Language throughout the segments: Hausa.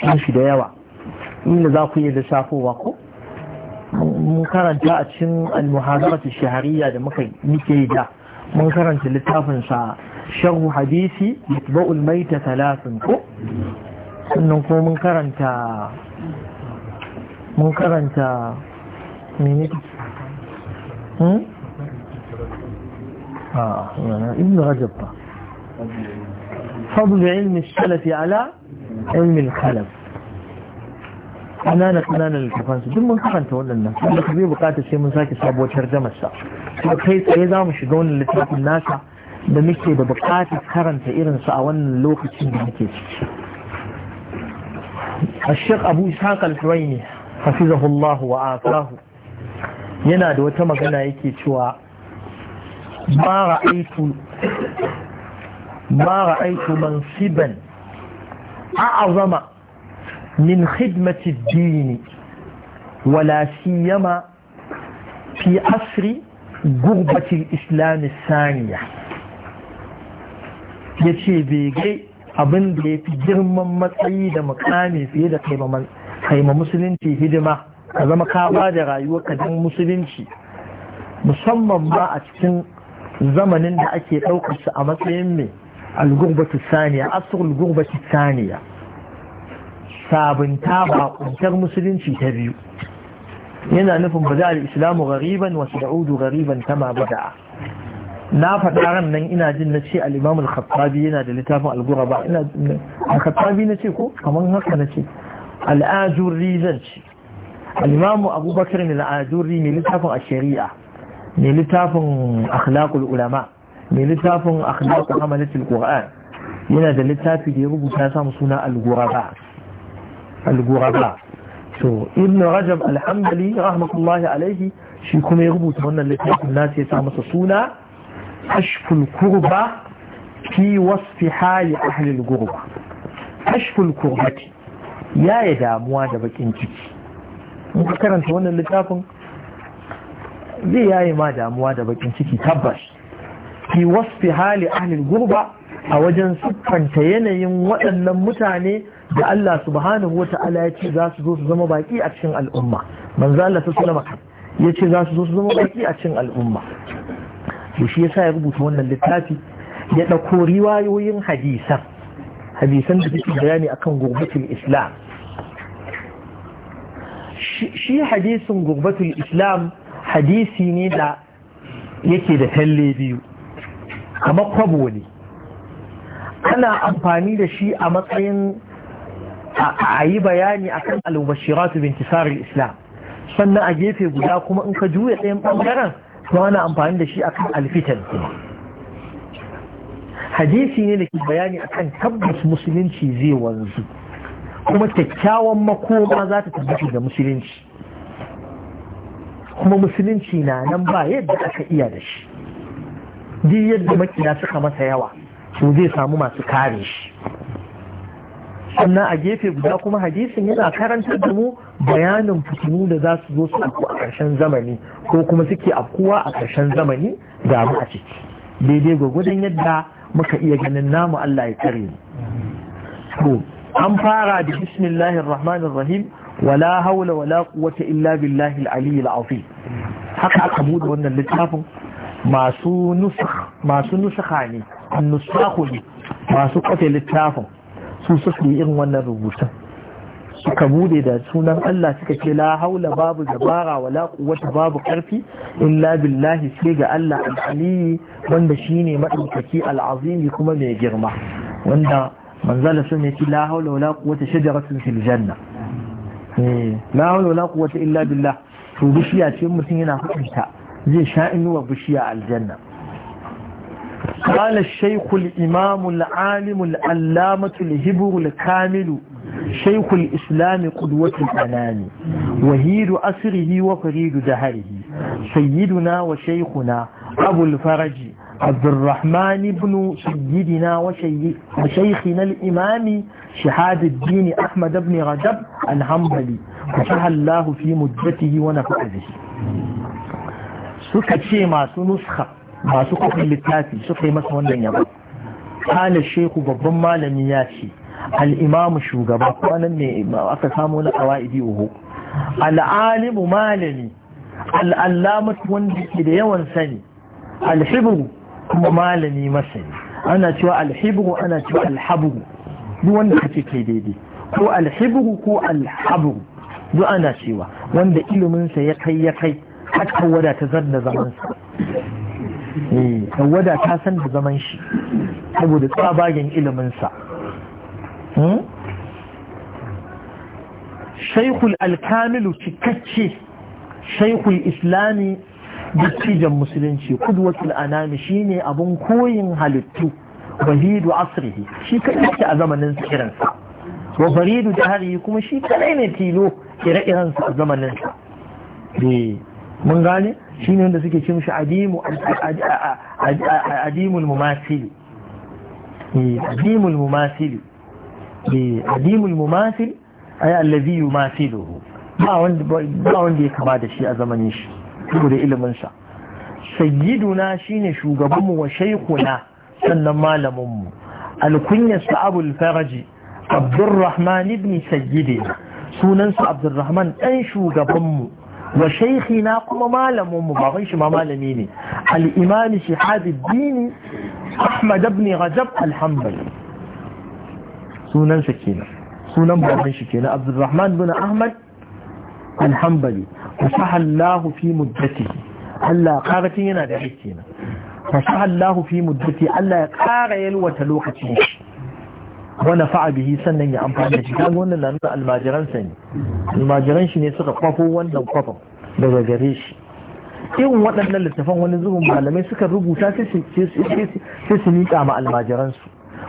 sun shi da yawa inda za ku yi da lissafowa ko mun karanta a cikin al-muhadaratu shahariya da muka muke da mun karanta littafin sa sharhu hadisi yatba'u al mayt thalathun ko sannan ko mun karanta mun karanta mene hmm ah ibn rajab fa fadl ilmi salaf ala ilmin kalam ƙananan ƙananan littafan su duk mun karanta waɗannan wanda ka zai bukata sai mun sake sabuwar tarjamar sa to kai tsaye za mu shiga wannan littafin nasa da muke da bukatar karanta irin su a wannan lokacin da muke ciki الشيخ أبو إسحاق الحويني حفظه الله وآفاه yana da wata magana yake cewa ba ra'aitu mansiban أعظم من خدمة الدين ولا سيما في عصر غربة الإسلام الثانية bai gai abin da ya fi girman matsayi da makami fiye da kaima musulunci hidima ka zama ka ba da rayuwa ka don musulunci musamman ba a cikin zamanin da ake ɗaukarsa a matsayin mai al-gurbatu saniya asrul gurbatu saniya sabunta ba kuntar musulunci ta biyu yana nufin ba za a islamu gariban wasu da'udu gariban kama bada'a na faɗa ran nan ina jin na ce al'imamul khattabi yana da littafin algura ba ina al-khattabi na ce ko kamar haka na ce al'ajurri zan ce littafin a ne littafin akhlaqul ulama mai littafin akhlaq hamalatul qur'an yana da littafi da ya rubuta ya samu suna al-ghuraba al-ghuraba to ibn rajab al-hanbali rahmatullahi alaihi shi kuma ya rubuta wannan littafin nasu ya sa suna ashful kurba fi wasfi hali ahli al-ghurba ashful kurbati ya ya damuwa da bakin ciki in ka karanta wannan littafin zai yayi ma damuwa da bakin ciki tabbas fi wasfi hali ahlil gurba a wajen siffanta yanayin waɗannan mutane da Allah subhanahu wa ta'ala ya ce za su zo su zama baki a cikin al'umma manzo Allah ta sallama ya ce za su zo su zama baki a cikin al'umma to shi yasa ya rubuta wannan littafi ya ɗauko riwayoyin hadisan hadisan da suke bayani akan gurbatul islam shi hadisin gurbatul islam hadisi ne da yake da talle biyu kamar kwabo ne ana amfani da shi a matsayin a yi bayani akan al-mubashiratu bin islam sannan a gefe guda kuma in ka juya ɗayan ɓangaren to ana amfani da shi akan alfitan kuma hadisi ne da ke bayani akan tabbas musulunci zai wanzu kuma kyakkyawan makoma za ta tabbata da musulunci kuma musulunci na nan ba yadda aka iya da shi duk yadda makiya suka masa yawa su zai samu masu kare shi sannan a gefe guda kuma hadisin yana karanta da mu bayanin fitinu da za su zo su afku a ƙarshen zamani ko kuma suke afkuwa a ƙarshen zamani ga mu a ciki daidai gwagwadon yadda muka iya ganin namu Allah ya kare mu to an fara da bismillahir rahmanir rahim wala haula wala quwwata illa billahi al-aliyyil azim haka aka bude wannan littafin masu nusuka ne nusaku ne masu kwafe littafin su suka yi irin wannan rubutun suka bude da sunan Allah suka ce la haula babu dabara wala quwwata babu karfi illa billahi sai ga Allah al-ali wanda shine madaukaki al-azim kuma mai girma wanda manzala sun ne la haula wala quwwata shajaratun fil janna eh la haula wala quwwata illa billah to bishiya ce mutum yana hukunta zai sha'inuwa bishiya aljanna ƙalar shaikul imamu al’alimu al’allamatu al’ibiru al’amilu shaikul islami ƙudwatu al’anani wahidu asirihi wa faridu da harihi sayiduna wa shaikuna abul faraji abdurrahman ibn sayidina wa shaikhina al’imami shahadar dini ahmad ibn rajab al’ambali ku shahallahu fi mujjatihi wa na fa’adishi suka ce masu nuska masu kofin littafi suka yi masa wannan yaba kala shehu babban malami ya ce al'imamu shugaba kwanan ne aka samu na kawa'idi uhu al'alimu malami al'allamatu wanda ke da yawan sani alhibu kuma malami masani ana cewa alhibu ana cewa alhabu duk wanda kake ke daidai ko alhibu ko alhabu duk ana cewa wanda iliminsa ya kai ya kai har tawada ta zan da zaman sa eh, ta san da zaman shi saboda tsabagen ilimin sa hmm? shaikhul alkamilu cikakke shaikhul islami dattijan musulunci kudwatul anami shine abun koyin halittu wahidu asrihi shi kadai ke a zamanin sa irin sa wa faridu dahari kuma shi kadai ne tilo ire a zamanin mun gane shi ne wanda suke cimshi adimul mumasili eh, adimul mumasili eh, adimul mumasili ay allazi yumasiluhu ba wanda ba wanda ya kama da shi a zamanin shi da ilimin sa sayyiduna shine shugabanmu wa shaykhuna sannan malamin mu alkunyar faraji abdurrahman ibn sayyidina sunan sa abdurrahman dan shugabanmu wa shaykhina kuma malamin mu baban shi ma malami ne al-imam shihabuddin ahmad ibn rajab al-hanbali sunan sa kenan sunan baban shi kenan abdurrahman ibn ahmad al-hanbali fasahallahu fi muddatihi Allah karatin yana da hakki kenan fasahallahu fi muddati Allah ya kara yalwata lokacin shi wani bihi sannan ya amfani da shi kan wannan na nuna almajiransa ne almajiran shi ne suka kwafo wannan kwafon daga gare shi irin waɗannan littafan wani zubin malamai suka rubuta sai su miƙa ma almajiransu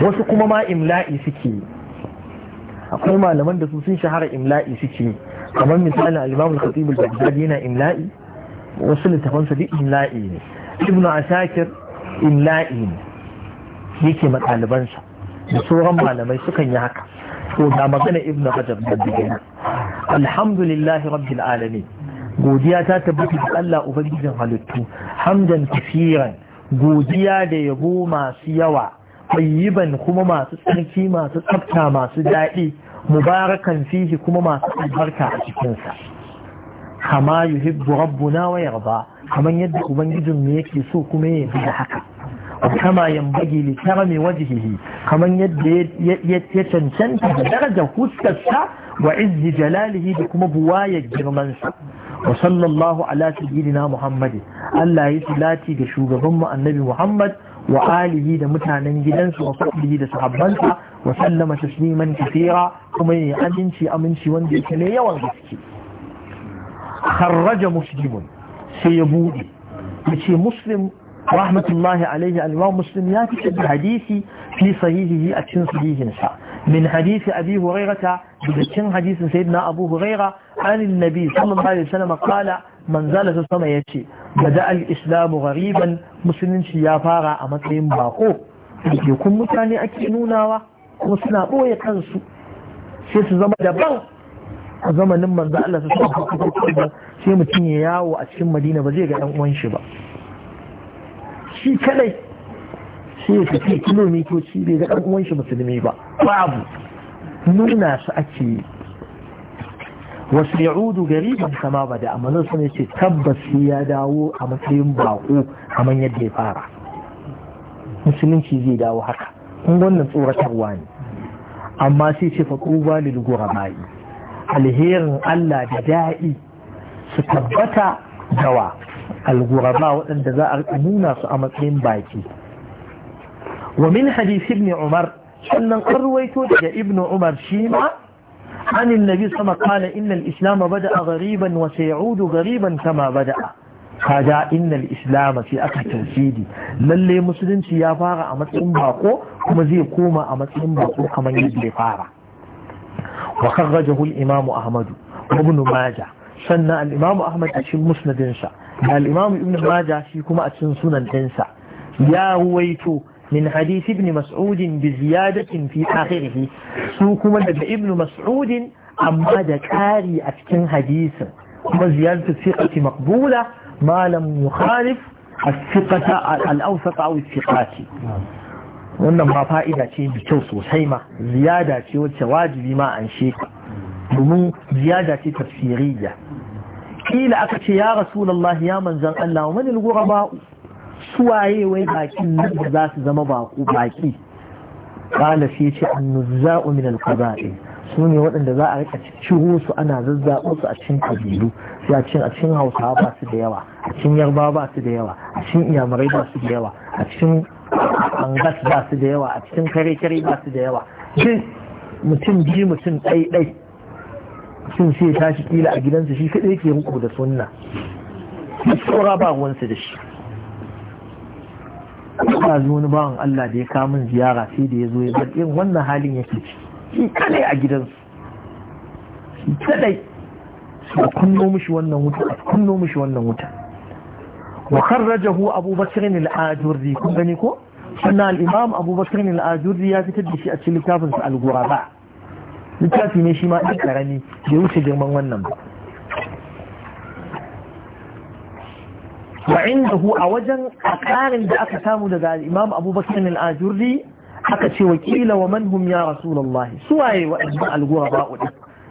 wasu kuma ma imla'i suke yi akwai malaman da su sun shahara imla'i suke yi, kamar misalin al-imam al al-baghdadi yana imla'i wasu littafan su duk imla'i ne ibnu asakir imla'i ne yake matalibansa da sauran malamai sukan yi haka to da magana ibnu hajar da bigina alhamdulillahi rabbil alamin godiya ta tabbata ga Allah ubangijin halittu hamdan kafiran godiya da yabo masu yawa tayyiban kuma masu tsarki masu tsafta masu daɗi mubarakan fihi kuma masu albarka a cikinsa kama yuhibbu rabbuna wa yarda kaman yadda ubangijin mu yake so kuma ya yi haka kama yambagi li karami wajihihi kaman yadda ya cancanta da darajar fuskarsa wa izzi jalalihi da kuma buwayar girmansa wa sallallahu ala sayyidina muhammad Allah ya salati ga shugaban mu annabi muhammad wa alihi da mutanen gidansu wa sahbihi da sahabbansa wa sallama tasliman kathira kuma ne aminci aminci wanda yake ne yawan gaske kharraja muslimun sai ya bude yace muslim rahmatullahi alaihi al muslim ya fi da hadisi fi sahihihi a cikin sahihin min hadisi abi hurairata daga cikin hadisin sayyidina abu huraira an nabi sallallahu alaihi wasallam qala man zala ta sama yace bada al islam ghariban musulunci ya fara a matsayin bako ke kun mutane ake nunawa kuma suna boye kansu sai su zama daban a zamanin manzo Allah sa alaihi sai mutum ya yawo a cikin Madina ba zai ga dan uwan shi ba shi kadai shi ya fi kilomitoci bai ga ɗan shi musulmi ba babu nuna su ake yi wasu ya'udu ban kama ba da amalin su ne ce tabbas ya dawo a matsayin bako a manyan yadda ya fara musulunci zai dawo haka kun wannan tsoratarwa ne amma sai ce fa kuba lil alherin Allah da da'i su tabbata dawa al waɗanda za a rika nuna su a matsayin baki wa min hadith ibn umar sannan an daga ibn umar shi ma anin nabi sama الله innal وسلم قال إن الإسلام بدأ sama وسيعود غريبا innal islam sai aka tauhidi lalle musulunci ya fara a matsayin bako kuma zai koma a matsayin bako kamar yadda ya fara wa kharrajahu al-imam ahmad ibn majah sannan al'imamu ahmad a cikin musnadinsa da al'imamu ibn maja shi kuma a cikin sunan ɗinsa ya ruwaito min hadisi ibn mas'udin bi ziyadatin fi akhirih su kuma daga ibn mas'udin amma da ƙari a cikin hadisin kuma ziyadatu thiqati maqbula ma lam yukhalif الثقة الأوسط أو wannan ma fa'ida ce mai kyau sosai ma ziyada ce wacce wajibi ma an sheka domin ziyada ce tafsiriyya kila aka ce ya rasulullah ya manzan Allah wa manil ghuraba suwaye wai bakin nan za su zama baku baki kala sai ce annuzza'u min al-qaba'i su ne waɗanda za a rika ciro su ana zazzaɓo su a cikin kabilu sai a cikin a cikin hausawa ba su da yawa a cikin yarbawa ba su da yawa a cikin iyamurai ba su da yawa a cikin angas ba su da yawa a cikin kare kare ba su da yawa mutum biyu mutum ɗai ɗai sun sai shi kila a gidansa shi kaɗai ke muku da sunna saura ba wansu da shi ina zo wani bawan Allah da ya kamun ziyara sai da ya zo ya bar irin wannan halin yake ci shi kaɗai a gidansu shi kaɗai a kunno mishi wannan wuta a kunno mishi wannan wuta wa kharrajahu Abu Bakr al-Ajurri kun gani ko sannan al-Imam Abu Bakr al-Ajurri ya fitar da shi a cikin littafinsa al-Ghuraba littafi ne shi ma ɗan ƙarami da wuce girman wannan ba wa indahu a wajen a ƙarin da aka samu daga imam abubakar a ajurri aka ce wakila wa manhum ya rasulullah suwaye waɗannan algura ba uɗi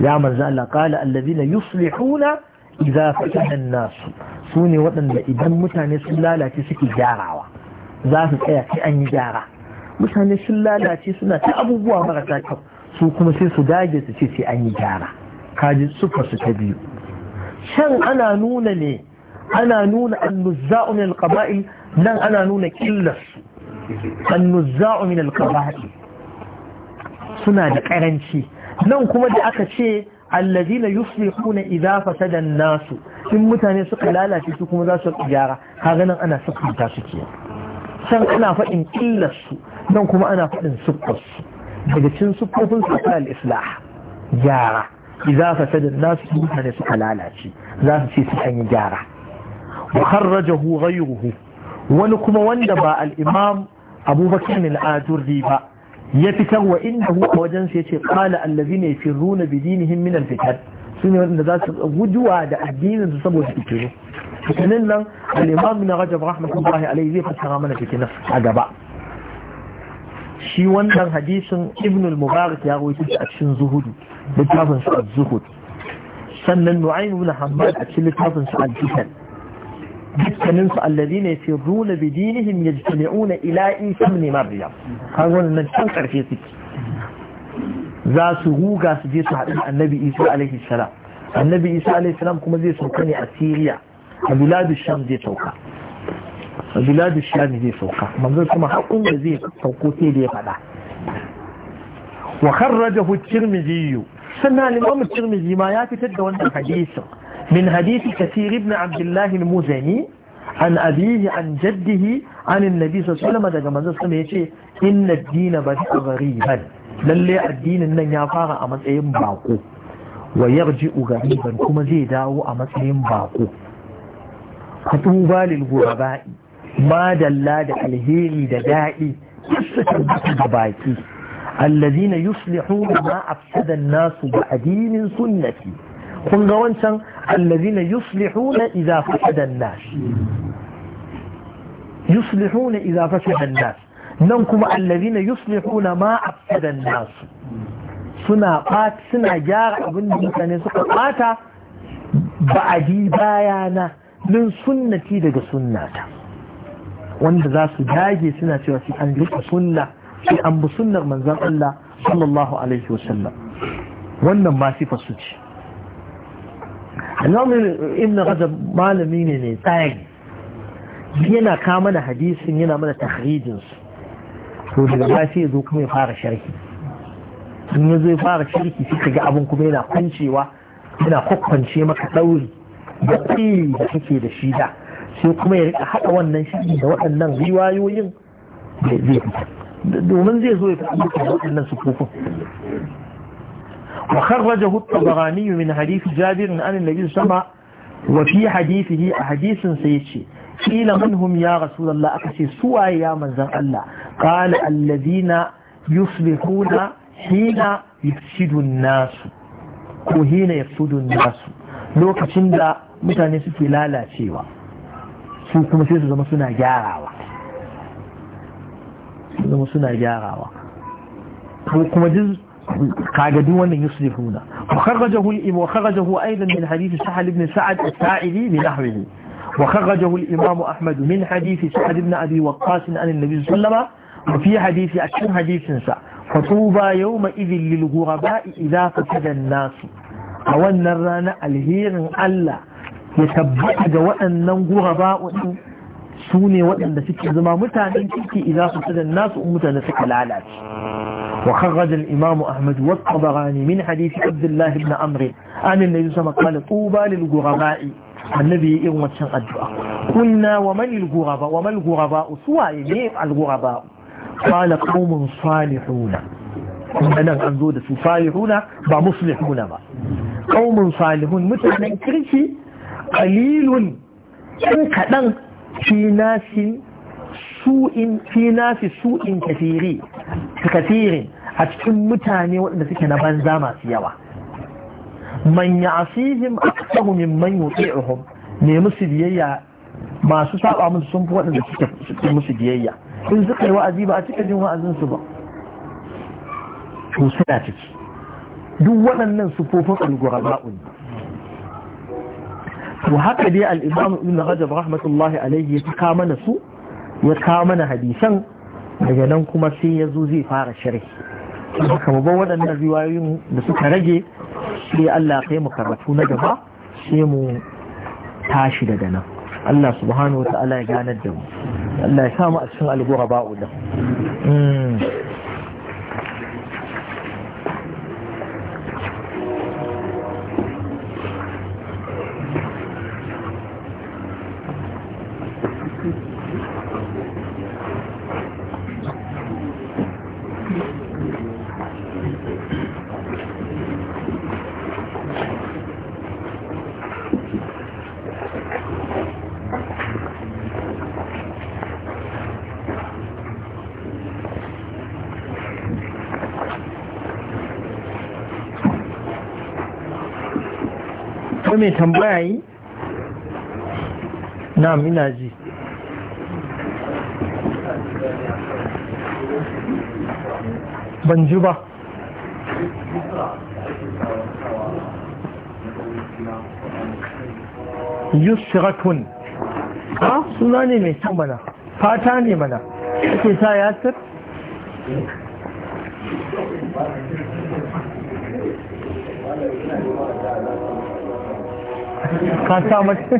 ya manzo Allah qala alladhina yuslihuna idza fatana an-nas sune waɗanda idan mutane sun lalace suke gyarawa za su tsaya sai an yi gyara mutane sun lalace suna ta abubuwa marasa kyau su kuma sai su dage su ce sai an yi gyara kaji sufa su ta biyu can ana nuna ne ana nuna annuzza'u min alqaba'i nan ana nuna killas annuzza'u min alqaba'i suna da karanci nan kuma da aka ce allazina yuslihuna idza fasada nasu in mutane suka lalace su kuma za su gyara kaga nan ana sukunta su ke can ana faɗin killas su nan kuma ana faɗin sukkar su daga cin sufofin su islah gyara idza su an-nas mutane suka lalace za su ce su an yi gyara wa kharrajahu ghayruhu wani kuma wanda ba al-imam abubakar min ajurri ba ya fitar wa inda a wajen sai ce qala fi yafirruna bi dinihim min al-fitan sune wanda za su guduwa da addinin su saboda fitilu fitinin nan al-imam min rajab rahmatullahi alayhi zai fassara mana fitinan a gaba shi wannan hadisin ibn al-mubarak ya rawaito a cikin zuhudu littafin sa az-zuhud sannan nu'aym ibn hammad a cikin littafin sa al-fitan dukkanin su alladhina yasirruna bi dinihim yajtami'una ila isa ibn maryam har wannan can karfe suke za su ruga su je su haɗu annabi isa alaihi salam annabi isa alaihi salam kuma zai sauka ne a siriya a biladu sham zai sauka biladu shami zai sauka manzo kuma haƙun da zai sauko sai da ya faɗa wa kharrajahu tirmidhi sannan al-imam tirmidhi ma ya fitar da wannan hadisin min hadisi kathir ibn abdullah al-muzani an abihi an jaddihi an annabi sallallahu alaihi daga manzo sama yace inna ad-din bada ghariban lalle addinin nan ya fara a matsayin bako wa yarji'u ghariban kuma zai dawo a matsayin bako fatuba lil ghuraba'i madalla da alheri da daɗi su tabbata da baki allazina yuslihuna ma afsada nasu ba addinin sunnati kun ga wancan allazina yuslihuna idza fasada an-nas yuslihuna idza fasada an-nas nan kuma allazina yuslihuna ma afsada an-nas suna bat suna gyara abin da mutane suka bata ba a ji bayana min sunnati daga sunnata wanda za su dage suna cewa sai an rika sunna sai an bi sunnar manzon Allah sallallahu alaihi wasallam wannan ma sifar su ce Imam Ibn Rajab malami ne ne tsari yana ka mana hadisin yana mana tahrijin su to daga ba sai zo kuma ya fara sharhi in ya zo ya fara sharhi sai ka ga abin kuma yana kwancewa yana kwakwance maka ɗauri da tsiri da kake da shi da sai kuma ya rika wannan shirin da waɗannan riwayoyin domin zai zo ya ta amurka da waɗannan sufufin wa kharraja hutu barani min hadisi jabirin an nabi sama a hadisin sai ce qila minhum ya rasulullah aka ce suwa ya manzon Allah qala alladhina yuslihuna hina yufsidu an-nas lokacin da mutane suke lalacewa su kuma sai su zama suna gyarawa su zama suna gyarawa ko kuma duk كاجدوا أن يصرفون وخرجه الإمام وخرجه أيضا من حديث سحل بن سعد الساعدي بنحوه وخرجه الإمام أحمد من حديث سعد بن أبي وقاص عن النبي صلى الله عليه وسلم وفي حديث أكثر حديث سا فطوبى يومئذ للغرباء إذا فسد الناس وأن الرانا الهير ألا ya tabbata ga waɗannan guraba waɗin su ne waɗanda suke zama mutanen ciki idan su tsadan nasu mutane suka lalace wa kharraja imam ahmad wa tabarani min hadisi abdullah ibn amr an annabi sama qala tuba lil ghuraba'i annabi irin waccan addu'a kunna wa man al ghuraba wa man ghuraba suwaye ne al ghuraba qala qaumun salihuna nan an zo da su salihuna ba muslihuna ba qaumun salihun mutanen kirki Kalilun in kaɗan fi nasi su'in fi nasi su'in kathiri a cikin mutane waɗanda suke na banza masu yawa man ya'sihim aktsahu mimman yuti'uhum ne musu biyayya masu saba musu sun fi waɗanda suke musu biyayya in suka yi wa'azi ba a cika jin wa'azin su ba to suna ciki duk waɗannan sufofin alguraba'u ne to haka dai al-imam ibn rajab rahmatullahi alaihi ya ka mana su ya ka mana hadisan daga nan kuma sai ya zo zai fara sharhi haka mu waɗannan riwayoyin da suka rage sai Allah kai mu karatu na gaba sai mu tashi daga nan Allah subhanahu wa ta'ala ya ganar da mu Allah ya sa mu a cikin algura ba'u da akwai mai tambaya yi? na amina ji ban ji ba yusratun ha suna ne mai kyau mana fata ne mana ake sa yasir Thank you. ka sa mata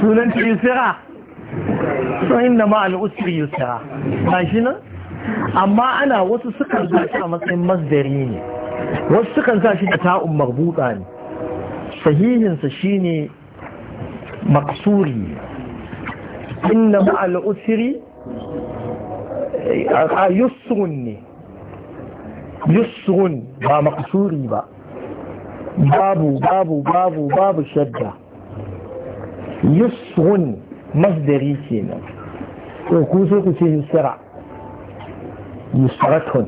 sunanta yusra so inda ma al'usri yusra ba shi nan amma ana wasu sukan sa shi a matsayin masdari ne wasu sukan sa shi da ta'un marbuta ne sahihinsa shi ne maksuri inna ma al'usri a yusrun ne yusrun ba maksuri ba باب باب باب باب الشدة يسغن مصدري كينا وكوزو كسيه السرع يسرة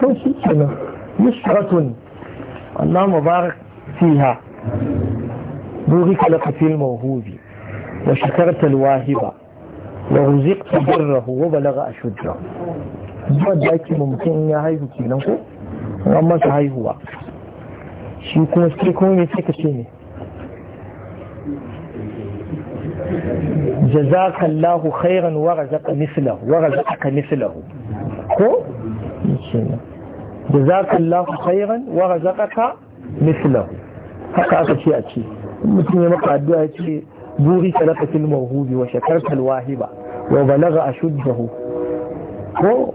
فنسيكينا يسرة الله مبارك فيها بوغيك لك في الموهوب وشكرت الواهبة ورزقت بره وبلغ أشده جواد ذاكي ممكن يا هاي بكي لنكو وما هاي هو shi kuma sai kuma me sai ka ce ne jazakallahu khairan wa razaka mislahu wa razaka mislahu ko jazakallahu khairan wa razaqaka mislahu haka aka ce a ce mutum ya maka addu'a ya ce buri talaka fil mawhubi wa shakarta al wahiba wa balagha ashuddahu ko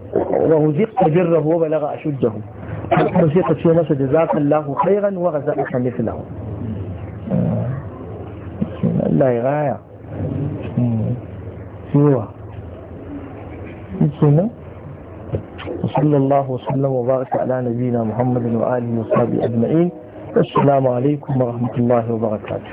wa huziqta birrahu wa balagha ashuddahu kuma في ka جزاك الله خيرا وغزاك مثله lahu غاية سوى raza aka وصلى الله وسلم وبارك على نبينا محمد وآله وصحبه أجمعين السلام عليكم ورحمة الله وبركاته